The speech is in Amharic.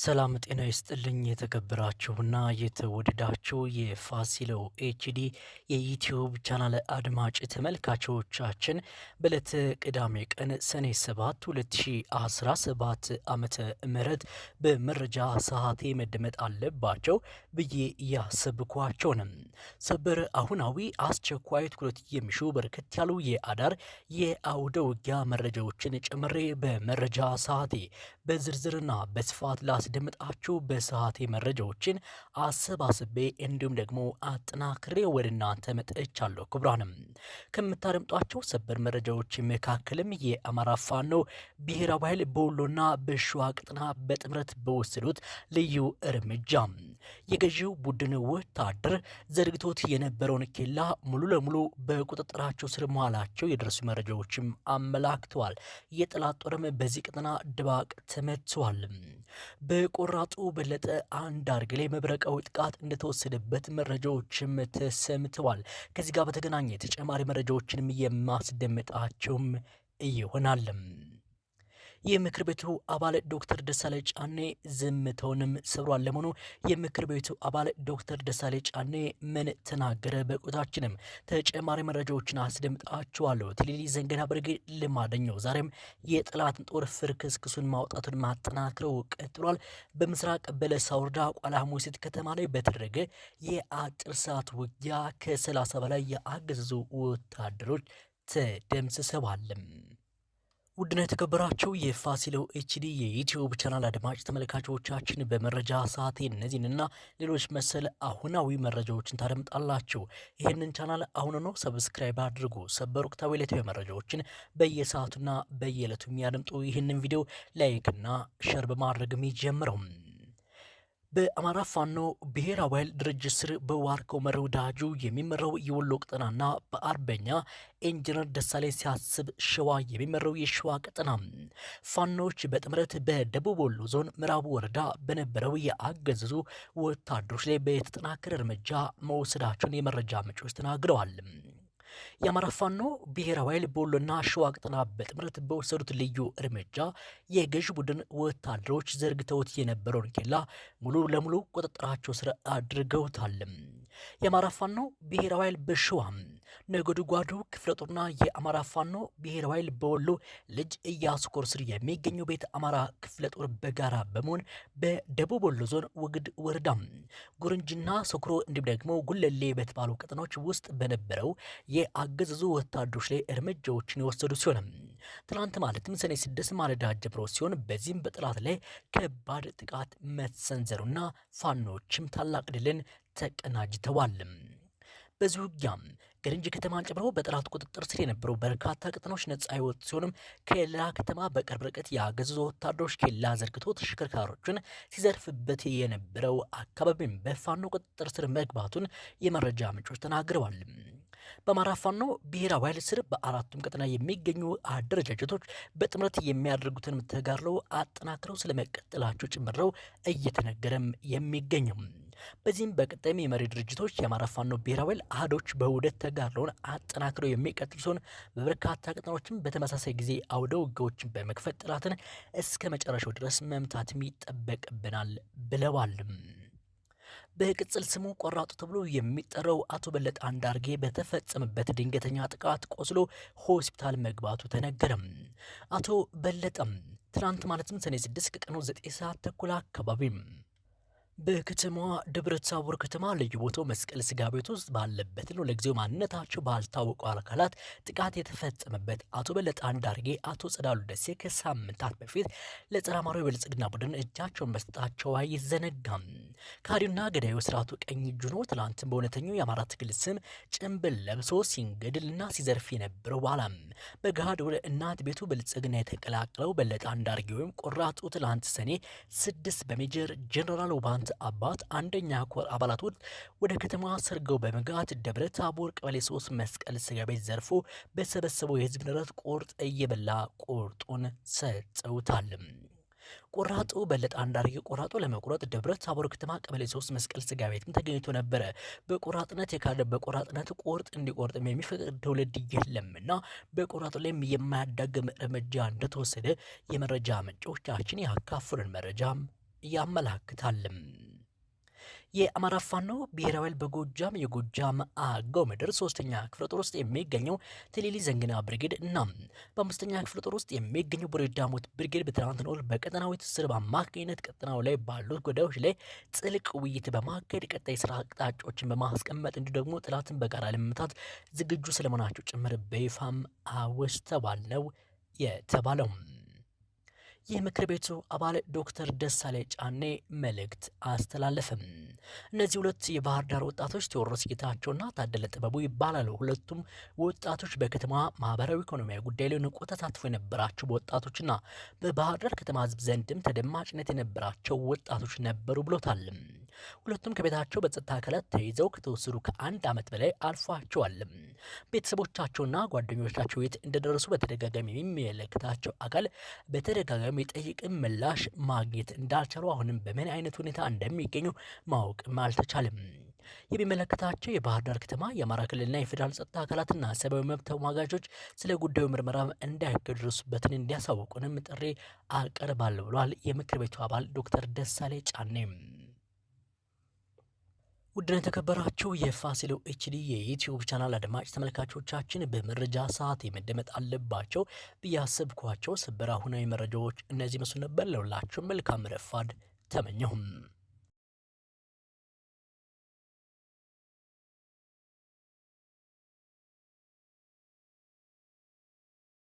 ሰላም ጤና ይስጥልኝ የተከበራችሁና የተወደዳችሁ የፋሲሎ ኤችዲ የዩትዩብ ቻናል አድማጭ ተመልካቾቻችን በዕለተ ቅዳሜ ቀን ሰኔ 7 2017 ዓመተ ምህረት በመረጃ ሰዓቴ መደመጥ አለባቸው ብዬ እያሰብኳቸው ያሰብኳቸውንም ሰበር አሁናዊ አስቸኳይ ትኩረት የሚሹ በርከት ያሉ የአዳር የአውደ ውጊያ መረጃዎችን ጨምሬ በመረጃ ሰዓቴ በዝርዝርና በስፋት ላስደምጣችሁ በሰዓቴ መረጃዎችን አሰባስቤ እንዲሁም ደግሞ አጠናክሬ ወደ እናንተ መጥቻለሁ። ክቡራንም ከምታደምጧቸው ሰበር መረጃዎች መካከልም የአማራ ፋኖ ብሔራዊ ኃይል በወሎና በሸዋ ቅጥና በጥምረት በወሰዱት ልዩ እርምጃ የገዢው ቡድን ወታደር ዘርግቶት የነበረውን ኬላ ሙሉ ለሙሉ በቁጥጥራቸው ስር መዋላቸው የደረሱ መረጃዎችም አመላክተዋል። የጠላት ጦርም በዚህ ቅጥና ድባቅ ተመትቷል። በቆራጡ በለጠ አርግ ላይ መብረቃዊ ጥቃት እንደተወሰደበት መረጃዎችም ተሰምተዋል። ከዚህ ጋር በተገናኘ ተጨማ ተጨማሪ መረጃዎችንም የማስደምጣቸውም ይሆናል። የምክር ቤቱ አባል ዶክተር ደሳሌ ጫኔ ዝምታውንም ሰብሯል። ለመሆኑ የምክር ቤቱ አባል ዶክተር ደሳሌ ጫኔ ምን ተናገረ? በቆይታችንም ተጨማሪ መረጃዎችን አስደምጣችኋለሁ። ቴሌሊ ዘንገና በርግ ልማደኛው ዛሬም የጠላትን ጦር ፍርክስክሱን ማውጣቱን ማጠናክረው ቀጥሏል። በምስራቅ በለሳ ወረዳ ቋላ ሐሙሲት ከተማ ላይ በተደረገ የአጭር ሰዓት ውጊያ ከሰላሳ በላይ የአገዛዙ ወታደሮች ተደምስሰዋልም። ውድና የተከበራቸው የፋሲለው ኤችዲ የዩትዩብ ቻናል አድማጭ ተመልካቾቻችን በመረጃ ሰዓቴ እነዚህንና ሌሎች መሰል አሁናዊ መረጃዎችን ታደምጣላችሁ። ይህንን ቻናል አሁን ነው ሰብስክራይብ አድርጉ። ሰበር ወቅታዊ ዕለታዊ መረጃዎችን በየሰዓቱና በየዕለቱ የሚያደምጡ ይህንን ቪዲዮ ላይክና ሸር በማድረግም ይጀምረው። በአማራ ፋኖ ብሔራዊ ኃይል ድርጅት ስር በዋርኮ መረ ወዳጁ የሚመራው የወሎ ቀጠናና በአርበኛ ኢንጂነር ደሳሌ ሲያስብ ሸዋ የሚመራው የሸዋ ቀጠና ፋኖች በጥምረት በደቡብ ወሎ ዞን ምዕራቡ ወረዳ በነበረው የአገዘዙ ወታደሮች ላይ በተጠናከረ እርምጃ መውሰዳቸውን የመረጃ ምንጮች ተናግረዋል። የአማራ ፋኖ ብሔራዊ ኃይል ቦሎና ሸዋ ቀጠና በጥምረት በወሰዱት ልዩ እርምጃ የገዥ ቡድን ወታደሮች ዘርግተውት የነበረውን ኬላ ሙሉ ለሙሉ ቁጥጥራቸው ስር አድርገውታል። የአማራ ፋኖ ብሔራዊ ኃይል በሸዋ ነጎድጓዱ ክፍለ ጦርና የአማራ ፋኖ ብሔራዊ ኃይል በወሎ ልጅ እያሱ ኮር ስር የሚገኘው ቤት አማራ ክፍለ ጦር በጋራ በመሆን በደቡብ ወሎ ዞን ወግድ ወረዳ ጉርንጅና ሶክሮ እንዲሁም ደግሞ ጉለሌ በተባሉ ቀጠናዎች ውስጥ በነበረው የአገዘዙ ወታደሮች ላይ እርምጃዎችን የወሰዱ ሲሆን ትናንት ማለትም ሰኔ ስድስት ማለዳ ጀምሮ ሲሆን በዚህም በጠላት ላይ ከባድ ጥቃት መሰንዘሩና ፋኖችም ታላቅ ድልን ተቀናጅተዋል። በዚህ ውጊያም ገርንጂ ከተማን ጨምሮ በጠላት ቁጥጥር ስር የነበሩ በርካታ ቀጠናዎች ነጻ ይወጡ ሲሆንም ከሌላ ከተማ በቅርብ ርቀት የአገዛዙ ወታደሮች ኬላ ዘርግቶ ተሽከርካሪዎችን ሲዘርፍበት የነበረው አካባቢም በፋኖ ቁጥጥር ስር መግባቱን የመረጃ ምንጮች ተናግረዋል። በአማራ ፋኖ ብሔራዊ ኃይል ስር በአራቱም ቀጠና የሚገኙ አደረጃጀቶች በጥምረት የሚያደርጉትን ተጋድሎ አጠናክረው ስለመቀጠላቸው ጭምር ነው እየተነገረም የሚገኘው። በዚህም በቀጣይም የመሪ ድርጅቶች የአማራ ፋኖ ብሔራዊ ኃይል አህዶች በውህደት ተጋድሎውን አጠናክረው የሚቀጥሉ ሲሆን በበርካታ ቀጠናዎችም በተመሳሳይ ጊዜ አውደ ውጊያዎችን በመክፈት ጠላትን እስከ መጨረሻው ድረስ መምታትም ይጠበቅብናል ብለዋልም። በቅጽል ስሙ ቆራጡ ተብሎ የሚጠራው አቶ በለጠ አንዳርጌ በተፈጸመበት ድንገተኛ ጥቃት ቆስሎ ሆስፒታል መግባቱ ተነገረም። አቶ በለጠም ትናንት ማለትም ሰኔ 6 ቀኑ 9 ሰዓት ተኩል አካባቢ በከተማዋ ደብረ ታቦር ከተማ ልዩ ቦታው መስቀል ስጋ ቤት ውስጥ ባለበት ነው ለጊዜው ማንነታቸው ባልታወቁ አካላት ጥቃት የተፈጸመበት አቶ በለጠ አንዳርጌ፣ አቶ ጸዳሉ ደሴ ከሳምንታት በፊት ለጸረ አማራው የብልጽግና ቡድን እጃቸውን መስጠታቸው አይዘነጋም። ካዲና ገዳዩ ስርዓቱ ቀኝ እጁ ነው። ትላንትም በእውነተኛው የአማራ ትግል ስም ጭንብል ለብሶ ሲንገድልና ሲዘርፍ የነበረው በኋላም በገሃድ ወደ እናት ቤቱ ብልጽግና የተቀላቀለው በለጠ አንዳርጌ ወይም ቆራጡ ትላንት ሰኔ ስድስት በሜጀር ጀነራል ባንት ሁለት አባት አንደኛ ኮር አባላቶች ወደ ከተማ ሰርገው በመግባት ደብረ ታቦር ቀበሌ ሶስት መስቀል ስጋ ቤት ዘርፎ በሰበሰበው የህዝብ ንብረት ቁርጥ እየበላ ቁርጡን ሰጠውታል። ቆራጦ በለጠ አንዳርጌ ቆራጦ ለመቁረጥ ደብረ ታቦር ከተማ ቀበሌ ሶስት መስቀል ስጋ ቤትም ተገኝቶ ነበረ። በቆራጥነት የካደ በቆራጥነት ቁርጥ እንዲቆርጥም የሚፈቅድ ትውልድ የለምና በቆራጦ ላይም የማያዳግም እርምጃ እንደተወሰደ የመረጃ ምንጮቻችን ያካፍሉን መረጃም ያመላክታልም። የአማራ ፋኖ ብሔራዊ ኃይል በጎጃም የጎጃም አገው ምድር ሶስተኛ ክፍለ ጦር ውስጥ የሚገኘው ትሊሊ ዘንግና ብርጌድ እና በአምስተኛ ክፍለ ጦር ውስጥ የሚገኘው ብሬዳሞት ብርጌድ በትናንትናው ዕለት በቀጠናዊ ትስስር በአማካኝነት ቀጠናው ላይ ባሉት ጉዳዮች ላይ ጥልቅ ውይይት በማካሄድ ቀጣይ ስራ አቅጣጫዎችን በማስቀመጥ እንዲሁ ደግሞ ጥላትን በጋራ ለመምታት ዝግጁ ስለመሆናቸው ጭምር በይፋም አወስተዋል ነው የተባለው። የምክር ቤቱ አባል ዶክተር ደሳሌ ጫኔ መልእክት አስተላለፈም። እነዚህ ሁለት የባህር ዳር ወጣቶች ቴዎድሮስ ጌታቸውና ታደለ ጥበቡ ይባላሉ። ሁለቱም ወጣቶች በከተማ ማህበራዊ፣ ኢኮኖሚያዊ ጉዳይ ላይ ንቁ ተሳትፎ የነበራቸው በወጣቶችና በባህር ዳር ከተማ ህዝብ ዘንድም ተደማጭነት የነበራቸው ወጣቶች ነበሩ ብሎታል። ሁለቱም ከቤታቸው በጸጥታ አካላት ተይዘው ከተወሰዱ ከአንድ ዓመት በላይ አልፏቸዋል። ቤተሰቦቻቸውና ጓደኞቻቸው የት እንደደረሱ በተደጋጋሚ የሚመለከታቸው አካል በተደጋጋሚ የጠይቅን ምላሽ ማግኘት እንዳልቻሉ አሁንም በምን አይነት ሁኔታ እንደሚገኙ ማወቅም አልተቻለም። የሚመለከታቸው የባህር ዳር ከተማ የአማራ ክልልና የፌዴራል ጸጥታ አካላትና ሰብአዊ መብት ተሟጋቾች ስለ ጉዳዩ ምርመራ እንዳይደርሱበትን እንዲያሳውቁንም ጥሪ አቀርባለሁ ብሏል። የምክር ቤቱ አባል ዶክተር ደሳሌ ጫኔ ውድን የተከበራችሁ የፋሲሎ ኤችዲ የዩትዩብ ቻናል አድማጭ ተመልካቾቻችን በመረጃ ሰዓት የመደመጥ አለባቸው ብያሰብኳቸው ስብራ ሁናዊ መረጃዎች እነዚህ መስሉ ነበር። ለሁላችሁም መልካም ረፋድ ተመኘሁም።